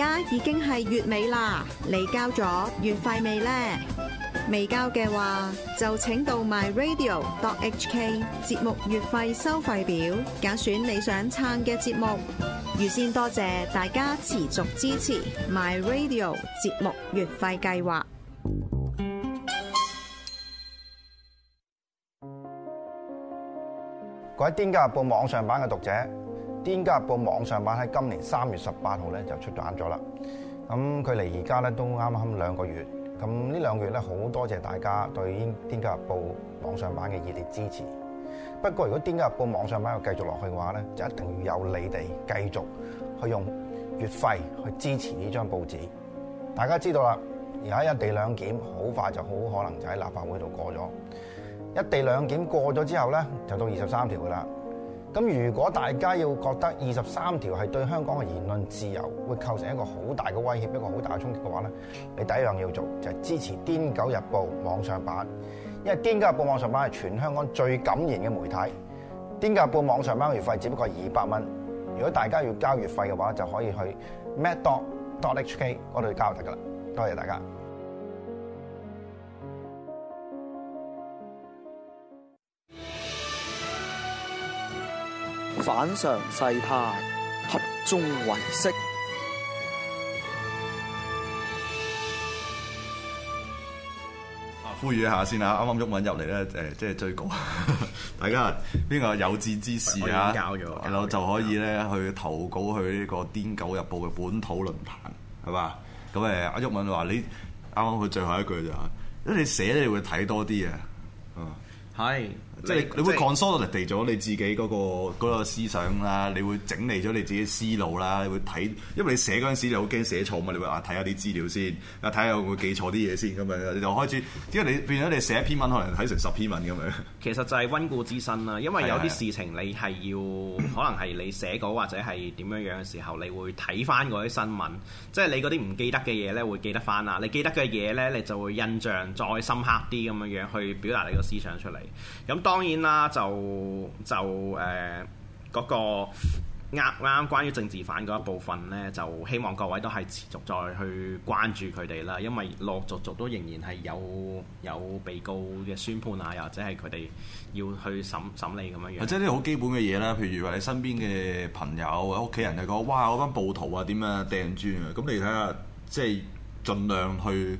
而家已經係月尾啦，你交咗月費未呢？未交嘅話，就請到 myradio.hk 節目月費收費表，揀選你想撐嘅節目。預先多謝大家持續支持 myradio 節目月費計劃。各位丁家《經濟日報》網上版嘅讀者。《癲家日報》網上版喺今年三月十八號咧就出咗刊咗啦，咁佢離而家咧都啱啱兩個月，咁呢兩個月咧好多謝大家對《癲家日報》網上版嘅熱烈支持。不過如果《癲家日報》網上版又繼續落去嘅話咧，就一定要有你哋繼續去用月費去支持呢張報紙。大家知道啦，而家一地兩檢好快就好可能就喺立法會度過咗，一地兩檢過咗之後咧就到二十三條㗎啦。咁如果大家要覺得二十三條係對香港嘅言論自由會構成一個好大嘅威脅，一個好大嘅衝擊嘅話呢，你第一樣要做就係、是、支持《癲狗日報》網上版，因為《癲狗日報》網上版係全香港最敢言嘅媒體，《癲狗日報》網上版嘅月費只不過係二百蚊，如果大家要交月費嘅話，就可以去 m a d o t d o t h k 嗰度交就得㗎喇，多謝大家。反常世態，合眾唯識。啊，呼籲一下先啦，啱啱毓民入嚟咧，誒，即係追稿。大家邊個有志之士啊？教嘅，教然後就可以咧了去投稿去呢、這個《癲狗日報》嘅本土論壇，係嘛？咁誒，阿毓民話你啱啱佢最後一句咋？因為你寫咧你會睇多啲啊。嗯，係。即係你會 consolidate 咗你自己嗰個嗰個思想啦，你會整理咗你自己思路啦，你會睇，因為你寫嗰陣時你好驚寫錯嘛，你會啊睇下啲資料先，啊睇下會唔會記錯啲嘢先咁啊，你就開始，因為你變咗你寫一篇文，可能睇成十篇文咁樣。其實就係溫故知新啦，因為有啲事情你係要，可能係你寫稿或者係點樣樣嘅時候，你會睇翻嗰啲新聞，即係你嗰啲唔記得嘅嘢咧會記得翻啦，你記得嘅嘢咧你就會印象再深刻啲咁樣樣去表達你個思想出嚟。咁當然啦，就就誒嗰、呃嗰個啱啱關於政治犯嗰一部分呢，就希望各位都係持續再去關注佢哋啦，因為陸續續都仍然係有有被告嘅宣判啊，又或者係佢哋要去審審理咁樣樣。即係啲好基本嘅嘢啦，譬如話你身邊嘅朋友、屋企人係講哇嗰班暴徒啊點啊掟磚啊，咁你睇下即係盡量去。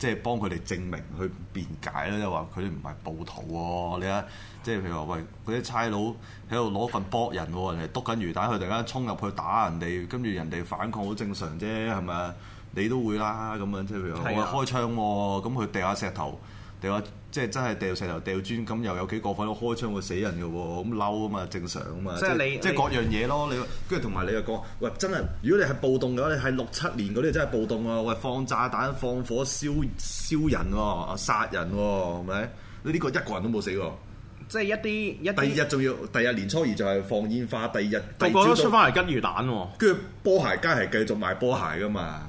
即係幫佢哋證明去辯解啦，即係話佢哋唔係暴徒喎、啊。你睇，即係譬如話喂，嗰啲差佬喺度攞份搏人喎、啊，人哋督緊魚蛋，佢突然間衝入去打人哋，跟住人哋反抗好正常啫，係咪？你都會啦咁樣，即係譬如話我開槍喎、啊，咁佢掟下石頭。你話即係真係掉石頭、掉磚，咁又有幾個份開窗會死人嘅喎，咁嬲啊嘛，正常啊嘛。即係你即係各樣嘢咯，你跟住同埋你又講，喂真係如果你係暴動嘅話，你係六七年嗰啲真係暴動啊！喂放炸彈、放火燒燒人喎、啊、殺人喎、啊，係咪？呢、這個一個人都冇死喎。即係一啲一。第二日仲要，第二年初二就係放煙花，第二日。第二都個都出翻嚟跟魚蛋喎，跟住波鞋街係繼續賣波鞋噶嘛。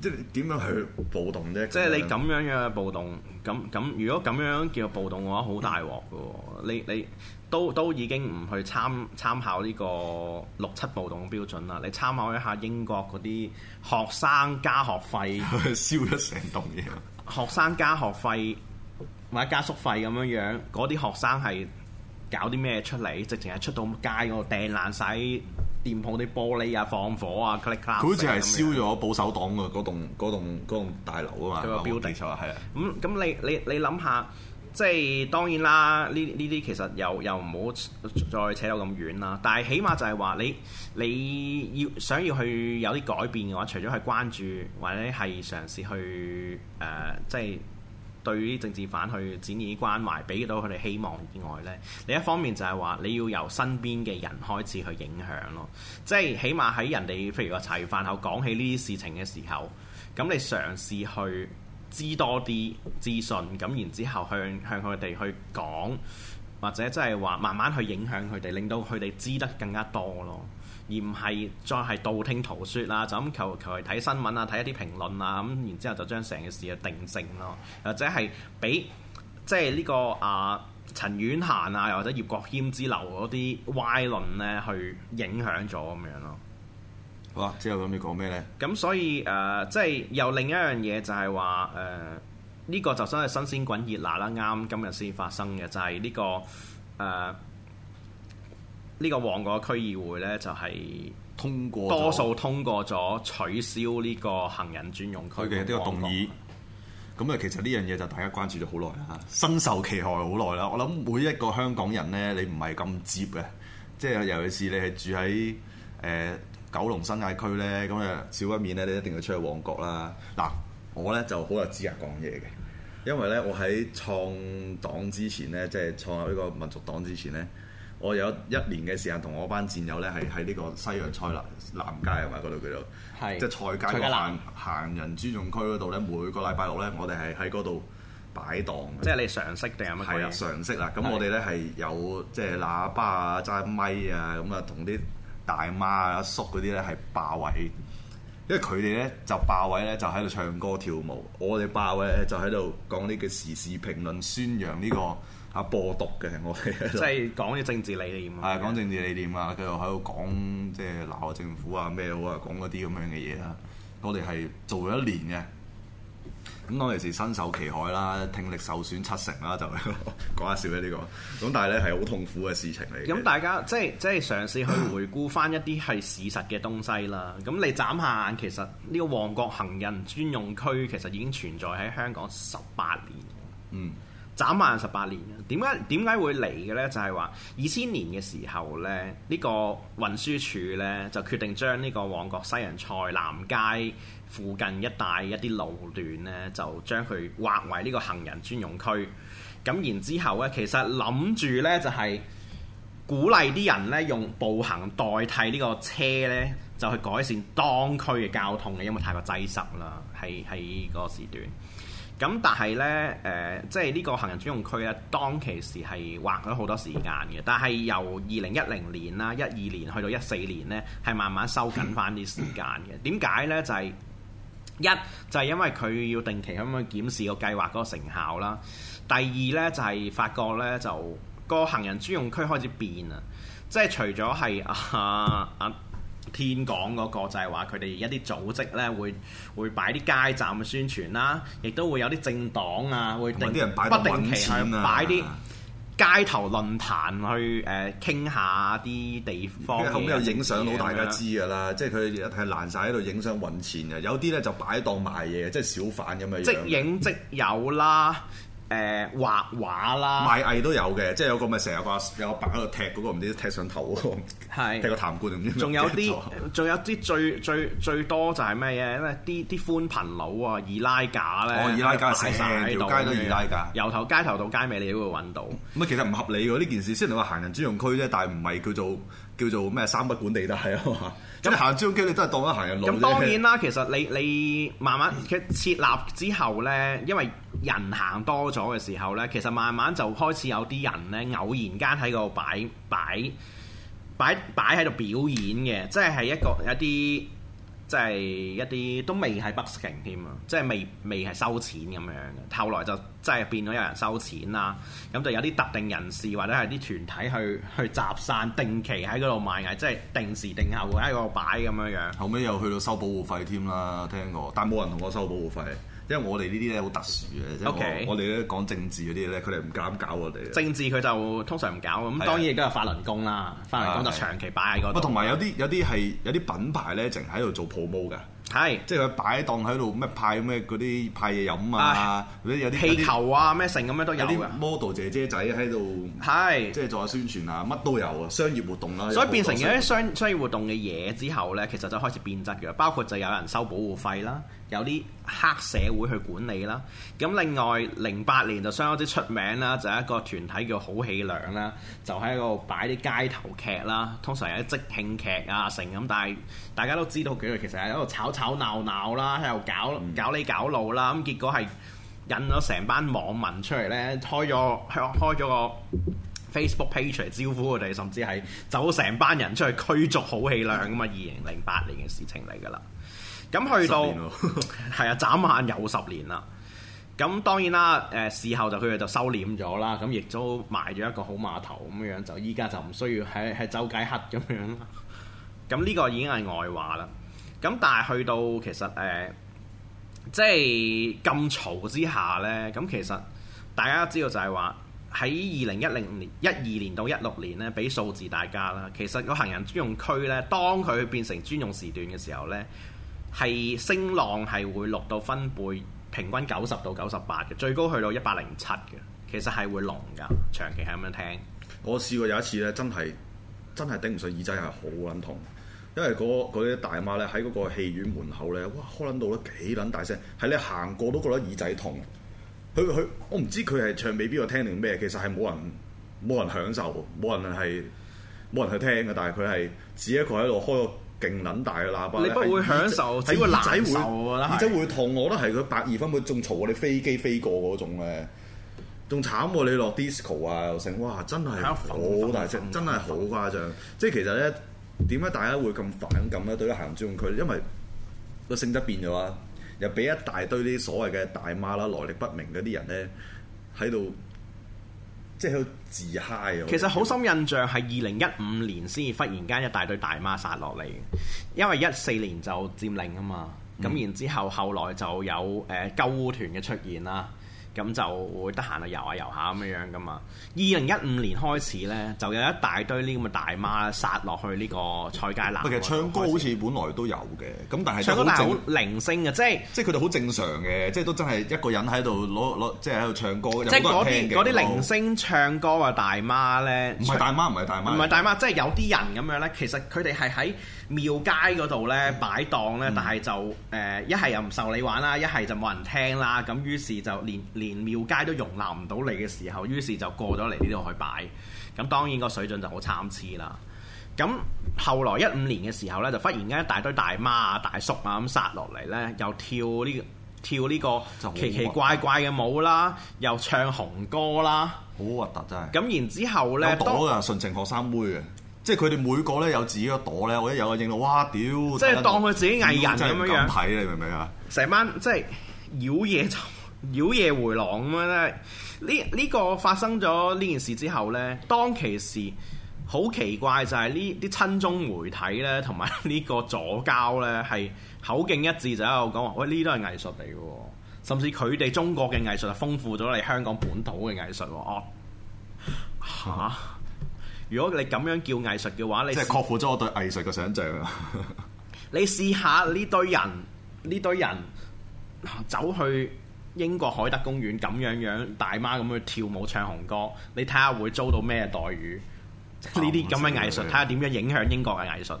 即係點樣去暴動啫？即係你咁樣樣嘅暴動，咁咁如果咁樣叫暴動嘅話，好大鑊嘅喎！你你都都已經唔去參參考呢個六七暴動嘅標準啦。你參考一下英國嗰啲學生加學費 燒咗成棟嘢。學生加學費或者加宿費咁樣樣，嗰啲學生係搞啲咩出嚟？直情係出到街嗰掟爛晒。店鋪啲玻璃啊，放火啊，佢好似係燒咗保守黨嘅嗰棟嗰棟嗰棟大樓啊嘛，佢個標題錯啊，係啊是的，咁咁你你你諗下，即係當然啦，呢呢啲其實又又唔好再扯到咁遠啦，但係起碼就係話你你要想要去有啲改變嘅話，除咗去關注或者係嘗試去誒、呃，即係。對於政治犯去展現關懷，俾到佢哋希望以外呢，另一方面就係話你要由身邊嘅人開始去影響咯，即係起碼喺人哋，譬如話茶餘飯後講起呢啲事情嘅時候，咁你嘗試去知多啲資訊，咁然之後向向佢哋去講，或者即係話慢慢去影響佢哋，令到佢哋知得更加多咯。而唔係再係道聽途說啦，就咁求求其睇新聞啊，睇一啲評論啊，咁然之後就將成件事啊定性咯，或者係俾即係呢個啊、呃、陳婉嫻啊，又或者葉國謙之流嗰啲歪論呢去影響咗咁樣咯。哇、啊！之後咁你講咩呢？咁所以誒，即、呃、係、就是、又另一樣嘢就係話誒，呢、呃這個就真係新鮮滾熱辣啦，啱今日先發生嘅就係、是、呢、這個誒。呃呢個旺角區議會呢，就係通過，多數通過咗取消呢個行人專用區嘅呢個動議。咁啊向，其實呢樣嘢就大家關注咗好耐啦，深受其害好耐啦。我諗每一個香港人呢，你唔係咁接嘅，即係尤其是你係住喺誒、呃、九龍新界區呢。咁啊少不免呢，你一定要出去旺角啦。嗱，我呢就好有資格講嘢嘅，因為呢，我喺創黨之前呢，即係創立呢個民族黨之前呢。我有一年嘅時間同我班戰友咧，係喺呢個西洋菜南南街啊嘛，嗰度叫做，即係是菜街嗰行行人專用區嗰度咧，每個禮拜六咧，我哋係喺嗰度擺檔。即係你常識定係乜鬼啊？常識啦，咁我哋咧係有即係喇叭啊、揸咪啊咁啊，同啲大媽啊、阿叔嗰啲咧係霸位，因為佢哋咧就霸位咧就喺度唱歌跳舞，我哋霸位呢就喺度講呢個時事評論，宣揚呢個。啊，播毒嘅我係即係講啲政治理念。係講政治理念啊！佢、嗯、又喺度講，即係鬧政府啊，咩好啊，講嗰啲咁樣嘅嘢啦。我哋係做咗一年嘅，咁當其時身受其害啦，聽力受損七成啦，就講下笑啦呢個。咁但係咧係好痛苦嘅事情嚟。咁、嗯、大家即係即係嘗試去回顧翻一啲係事實嘅東西啦。咁、嗯、你眨下眼，其實呢個旺角行人專用區其實已經存在喺香港十八年。嗯，眨下眼十八年。點解點解會嚟嘅呢？就係話二千年嘅時候呢，呢個運輸署呢，就決定將呢個旺角西洋菜南街附近一帶一啲路段呢，就將佢劃為呢個行人專用區。咁然之後呢，其實諗住呢，就係鼓勵啲人呢，用步行代替呢個車呢，就去改善當區嘅交通嘅，因為太過擠塞啦，係喺個時段。咁但係呢，誒、呃，即係呢個行人專用區咧，當其時係劃咗好多時間嘅。但係由二零一零年啦、一二年去到一四年呢，係慢慢收緊返啲時間嘅。點解呢？就係、是、一就係、是、因為佢要定期咁樣檢視個計劃嗰個成效啦。第二呢，就係、是、發覺呢，就個行人專用區開始變啊，即係除咗係啊啊～天港嗰個就係話佢哋而家啲組織咧，會會擺啲街站嘅宣傳啦，亦都會有啲政黨啊會定人擺不定期擺啲街頭論壇去誒傾下啲地方。咁有影相攞大家知㗎啦，嗯、即係佢哋係爛曬喺度影相揾錢嘅。有啲咧就擺檔賣嘢，即、就、係、是、小販咁嘅樣。即影即有啦，誒、呃、畫畫啦，賣藝都有嘅，即係有，有個咪成日話有把喺度踢、那個，嗰個唔知踢上頭。係，即個壇壺仲有啲，仲有啲最最最多就係咩嘢？因為啲啲寬頻佬啊，二拉架咧。哦，二拉架成條街都二拉架，由頭街頭到街尾你都會揾到。咁啊，其實唔合理喎呢件事。雖然你話行人專用區啫，但係唔係叫做叫做咩三不管地帶係啊。咁行專用區你都係當咗行人路、嗯。咁、嗯、當然啦，其實你你慢慢其實設立之後咧，因為人行多咗嘅時候咧，其實慢慢就開始有啲人咧偶然間喺嗰度擺擺。擺擺擺喺度表演嘅，即係一個一啲，即係一啲都未係 busking 添啊，即係未未係收錢咁樣嘅。後來就即係變咗有人收錢啦，咁就有啲特定人士或者係啲團體去去集散，定期喺嗰度賣藝，即係定時定候喺嗰度擺咁樣樣。後尾又去到收保護費添啦，聽過，但冇人同我收保護費。因為我哋呢啲咧好特殊嘅，即係 Okay. 我哋咧講政治嗰啲咧，佢哋唔敢搞我哋。政治佢就通常唔搞，咁的當然亦都係法輪功啦，法輪功就長期擺喺嗰度。同埋有啲有啲係有啲品牌咧，淨係喺度做 promo 㗎，係的即係佢擺檔喺度咩派咩嗰啲派嘢飲啊，嗰啲的有啲氣球啊咩剩咁樣都有啲 model 姐姐仔喺度，係即係做下宣傳啊，乜都有啊，商業活動啦、啊。所以變成有啲商商業活動嘅嘢之後咧，其實就開始變質嘅，包括就有人收保護費啦。有啲黑社會去管理啦，咁另外零八年就相當之出名啦，就係、是、一個團體叫「好戲量」啦，就喺度擺啲街頭劇啦，通常係啲即興劇啊成咁，但係大家都知道佢其實係喺度吵吵鬧鬧啦，喺度搞搞呢搞搞路啦，咁結果係引咗成班網民出嚟呢開咗開咗個 Facebook page 嚟招呼佢哋，甚至係走成班人出去驅逐「好戲量」咁啊！二零零八年嘅事情嚟㗎啦。咁去到係年 啊，眨眼有十年啦。咁當然啦，誒、呃、事後就佢哋就收斂咗啦。咁亦都埋咗一個好碼頭咁樣，就依家就唔需要喺喺周街黑咁樣啦。咁 呢個已經係外話啦。咁但係去到其實誒、呃，即係咁嘈之下呢，咁其實大家知道就係話喺二零一零年一二年到一六年呢，俾數字大家啦。其實個行人專用區呢，當佢變成專用時段嘅時候呢。係聲浪係會錄到分貝平均九十到九十八嘅，最高去到一百零七嘅，其實係會聾㗎。長期係咁樣聽。我試過有一次咧，真係真係頂唔順，耳仔係好撚痛，因為嗰啲大媽咧喺嗰個戲院門口咧，哇開撚到得幾撚大聲，喺你行過都覺得耳仔痛。佢佢我唔知佢係唱俾邊個聽定咩，其實係冇人冇人享受，冇人係冇人去聽嘅，但係佢係自己一個喺度開勁撚大嘅喇叭，你不會享受？耳仔這會耳仔會痛，我覺得係佢百二分貝仲吵過你飛機飛過嗰種咧，仲慘過、啊！你落 disco 啊，又成哇真係好大聲，真係好、啊、誇張。粉即係其實咧，點解大家會咁反感咧？對於行人專用區，因為個性質變咗啊，又俾一大堆啲所謂嘅大媽啦、來歷不明嗰啲人咧喺度。即係好自嗨啊！其實好深印象係二零一五年先至忽然間一大堆大媽殺落嚟，因為一四年就佔領啊嘛，咁、嗯、然後之後後來就有誒、呃、鳩嗚團嘅出現啦。咁就會得閒啊，遊下遊下咁樣樣噶嘛。二零一五年開始咧，就有一大堆呢咁嘅大媽殺落去呢個菜街南。其實唱歌好似本來都有嘅，咁但係唱歌好好零星嘅，即係即係佢哋好正常嘅，即係都真係一個人喺度攞攞，即係喺度唱歌，即係嗰啲啲零星唱歌嘅大媽咧，唔係大媽唔係大媽，唔係大媽，即係除有啲人咁樣咧，其實佢哋係喺。廟街嗰度咧擺檔咧，嗯、但係就誒一係又唔受你玩啦，一係就冇人聽啦。咁於是就連連廟街都容納唔到你嘅時候，於是就過咗嚟呢度去擺。咁當然個水準就好參差啦。咁後來一五年嘅時候咧，就忽然間一大堆大媽啊、大叔啊咁殺落嚟咧，又跳呢、呢個、跳呢個奇奇怪怪嘅舞啦，又唱紅歌啦，好核突真係。咁然之後咧，有朵噶純情學生妹嘅。即係佢哋每個咧有自己一朵咧，我一有一個認到，哇屌！即係當佢自己藝人就咁樣睇你明唔明啊？成班即係妖夜、妖夜回廊咁樣咧。呢呢、這個這個發生咗呢件事之後咧，當其時好奇怪就係呢啲親中媒體咧，同埋呢個左膠咧，係口徑一致，就喺度講話：喂，呢都係藝術嚟嘅、哦，甚至佢哋中國嘅藝術啊，豐富咗你香港本土嘅藝術喎。嚇、哦！啊 如果你咁樣叫藝術嘅話，你即係擴闊咗我對藝術嘅想像。 你試下呢堆人，呢堆人走去英國海德公園咁樣樣，大媽咁去跳舞唱紅歌，你睇下會遭到咩待遇？呢啲咁嘅藝術，睇下點樣影響英國嘅藝術。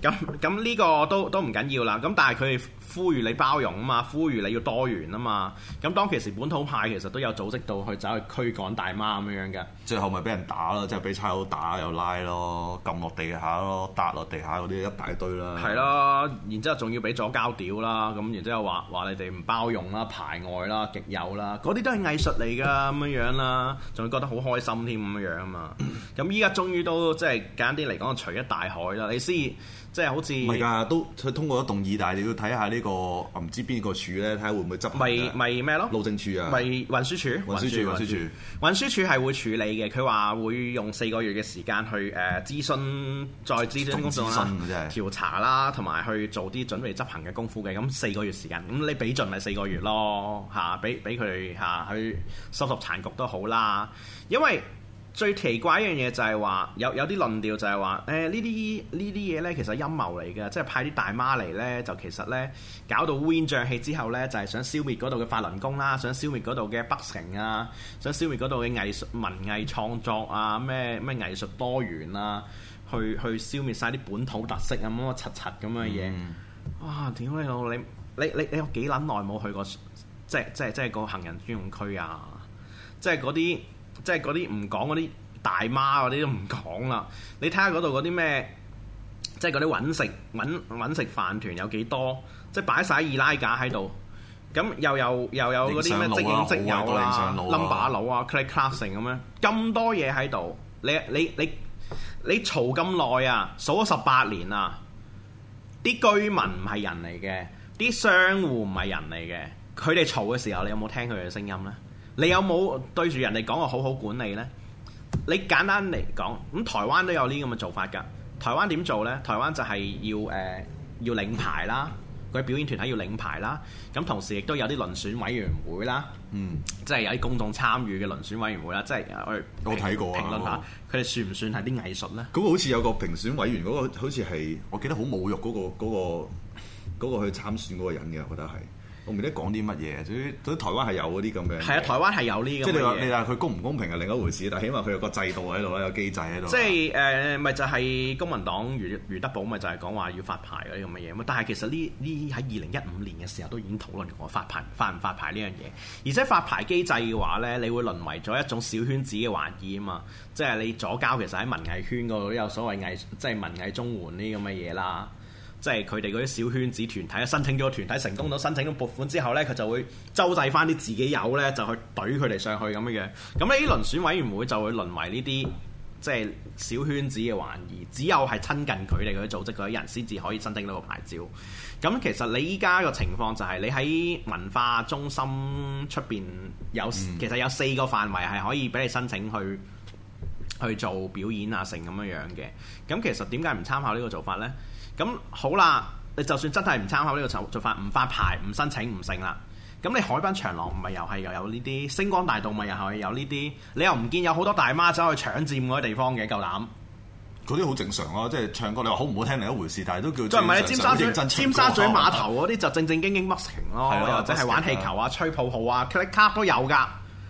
咁咁呢個都都唔緊要啦。咁但係佢，呼籲你包容啊嘛，呼籲你要多元啊嘛。咁當其時本土派其實都有組織到去走去驅趕大媽咁樣樣嘅。最後咪俾人打咯，即係俾差佬打又拉咯，撳落地下咯，揼落地下嗰啲一大堆啦。係啦，然之後仲要俾左膠屌啦，咁然之後話話你哋唔包容啦、排外啦、極右啦，嗰啲都係藝術嚟㗎咁樣樣啦，仲會覺得好開心添咁樣樣啊嘛。咁依家終於都即係簡單啲嚟講，除、就是、一大海啦，你先。即係好似唔係都佢通過咗動議，但係你要睇下、呢個、個呢個唔知邊個處咧，睇下會唔會執咪咪咩咯？路政處啊？咪運輸處？運輸處，運輸處，運輸處係會處理嘅。佢話會用四個月嘅時間去誒、呃、諮詢、再諮詢工作詢、就是、調查啦，同埋去做啲準備執行嘅功夫嘅。咁四個月時間，咁你俾盡咪四個月咯嚇？俾俾佢嚇去收拾殘局都好啦，因為。最奇怪一樣嘢就係話有有啲論調就係話誒，呢啲呢啲嘢呢，其實陰謀嚟嘅，即係派啲大媽嚟呢，就其實呢，搞到烏煙瘴氣之後呢，就係、是、想消滅嗰度嘅法輪功啦、啊，想消滅嗰度嘅北城啊，想消滅嗰度嘅藝術文藝創作啊咩咩藝術多元啊，去去消滅晒啲本土特色咁乜柒柒咁嘅嘢。嗯、哇！屌你老你你你你有幾撚耐冇去過即即即，即個行人專用區啊！即係嗰啲。即係嗰啲唔講嗰啲大媽嗰啲都唔講啦。你睇下嗰度嗰啲咩，即係嗰啲揾食揾食飯團有幾多？即係擺晒二奶架喺度，咁又有又有嗰啲咩即影即有啦、冧巴佬啊、classing 咁樣，咁多嘢喺度。你你你你嘈咁耐啊，數咗十八年啊！啲居民唔係人嚟嘅，啲商戶唔係人嚟嘅，佢哋嘈嘅時候，你有冇聽佢嘅聲音呢？你有冇對住人哋講我好好管理呢？你簡單嚟講，咁台灣都有呢咁嘅做法㗎。台灣點做呢？台灣就係要誒、呃、要領牌啦，佢表演團體要領牌啦。咁同時亦都有啲遴選委員會啦，嗯，即係有啲公眾參與嘅遴選委員會啦，即、就、係、是、我睇過評論下佢哋算唔算係啲藝術呢？嗰個好似有個評選委員嗰、那個，好似係我記得好侮辱嗰、那個嗰、那個那個、去參選嗰個人嘅，我覺得係。我唔得講啲乜嘢，總之台灣係有嗰啲咁嘅。係啊，台灣係有呢咁嘅。即係你話你話佢公唔公平係另一回事，但係起碼佢有個制度喺度啦，有個機制喺度。即係誒，咪、呃、就係公民黨余余德寶咪就係講話要發牌嗰啲咁嘅嘢，咁但係其實呢呢喺二零一五年嘅時候都已經討論過發牌發唔發牌呢樣嘢，而且發牌機制嘅話咧，你會淪為咗一種小圈子嘅玩意啊嘛，即係你左膠其實喺文藝圈嗰度有所謂藝即係、就是、文藝中環呢咁嘅嘢啦。即係佢哋嗰啲小圈子團體啊，申請咗團體成功到申請咗撥款之後呢，佢就會周濟翻啲自己友呢，就去懟佢哋上去咁樣樣。咁咧，呢輪選委員會就會淪為呢啲即係小圈子嘅懷疑，只有係親近佢哋嗰啲組織嗰啲人先至可以申請到個牌照。咁其實你依家個情況就係你喺文化中心出邊有、嗯、其實有四個範圍係可以俾你申請去去做表演啊，成咁樣樣嘅。咁其實點解唔參考呢個做法呢？咁好啦，你就算真係唔參考呢個做做法，唔發牌，唔申請，唔成啦。咁你海濱長廊唔係又係又有呢啲星光大道，咪又係有呢啲，你又唔見有好多大媽走去搶佔嗰啲地方嘅，夠膽？嗰啲好正常咯，即係唱歌你話好唔好聽另一回事，但係都叫。即係唔係尖沙咀，尖沙咀碼頭嗰啲就正正經經 busking 咯，又或者係玩氣球啊、吹泡泡啊、click 卡都有㗎，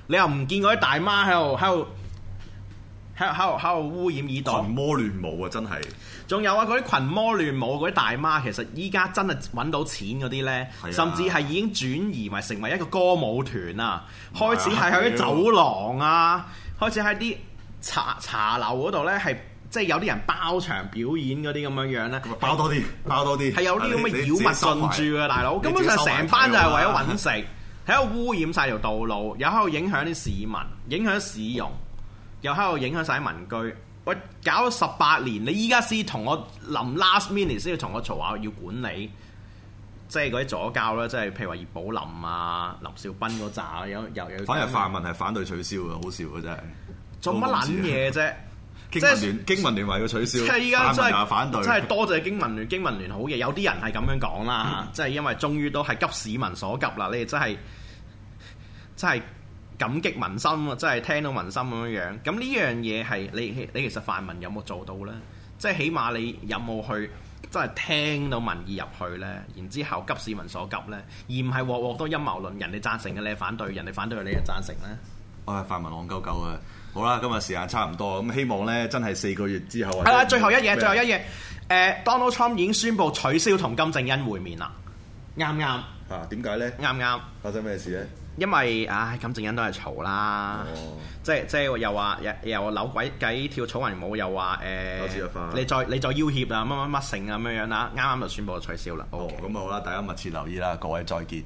你又唔見嗰啲大媽喺度喺度。喺度喺度污染耳道，群魔亂舞啊！真係，仲有啊！嗰啲群魔亂舞，嗰啲大媽其實依家真係揾到錢嗰啲呢，甚至係已經轉移埋成為一個歌舞團啊！開始係喺啲走廊啊，開始喺啲茶茶樓嗰度呢，係即係有啲人包場表演嗰啲咁樣樣呢，包多啲，包多啲，係有啲咁嘅妖物進駐啊！大佬，根本上成班就係為咗揾食，喺度污染晒條道路，又喺度影響啲市民，影響市容。又喺度影響晒民居，喂！搞咗十八年，你依家先同我臨 last minute 先要同我嘈下。要管理，即係嗰啲左膠啦，即係譬如話葉寶林啊、林兆斌嗰扎，有有有。反而泛民係反對取消嘅，好笑嘅真係。做乜撚嘢啫？經民聯經民聯話要取消。即係依家真係真係多謝經民聯，經民聯好嘢。有啲人係咁樣講啦，即係因為終於都係急市民所急啦，你真係真係。感激民心啊，真係聽到民心咁樣樣。咁呢樣嘢係你你其實泛民有冇做到呢？即係起碼你有冇去真係聽到民意入去呢？然之後急市民所急呢？而唔係鑊鑊都陰謀論。人哋贊成嘅你反對，人哋反對嘅你係贊成呢？我係、哎、泛民戇鳩鳩啊！好啦，今日時間差唔多咁，希望呢真係四個月之後。係啦的，最後一夜，麼最後一夜。誒，Donald Trump 已經宣布取消同金正恩會面啦。啱啱嚇點解呢？啱啱發生咩事呢？因為唉，咁陣間都係嘈啦，即係即係又話又又扭鬼計跳草裙舞，又話誒、呃， 你再你再要挾啊乜乜乜成啊咁樣樣啦，啱啱就宣布就取消啦。哦，咁啊 okay.、哦、好啦，大家密切留意啦，各位再見。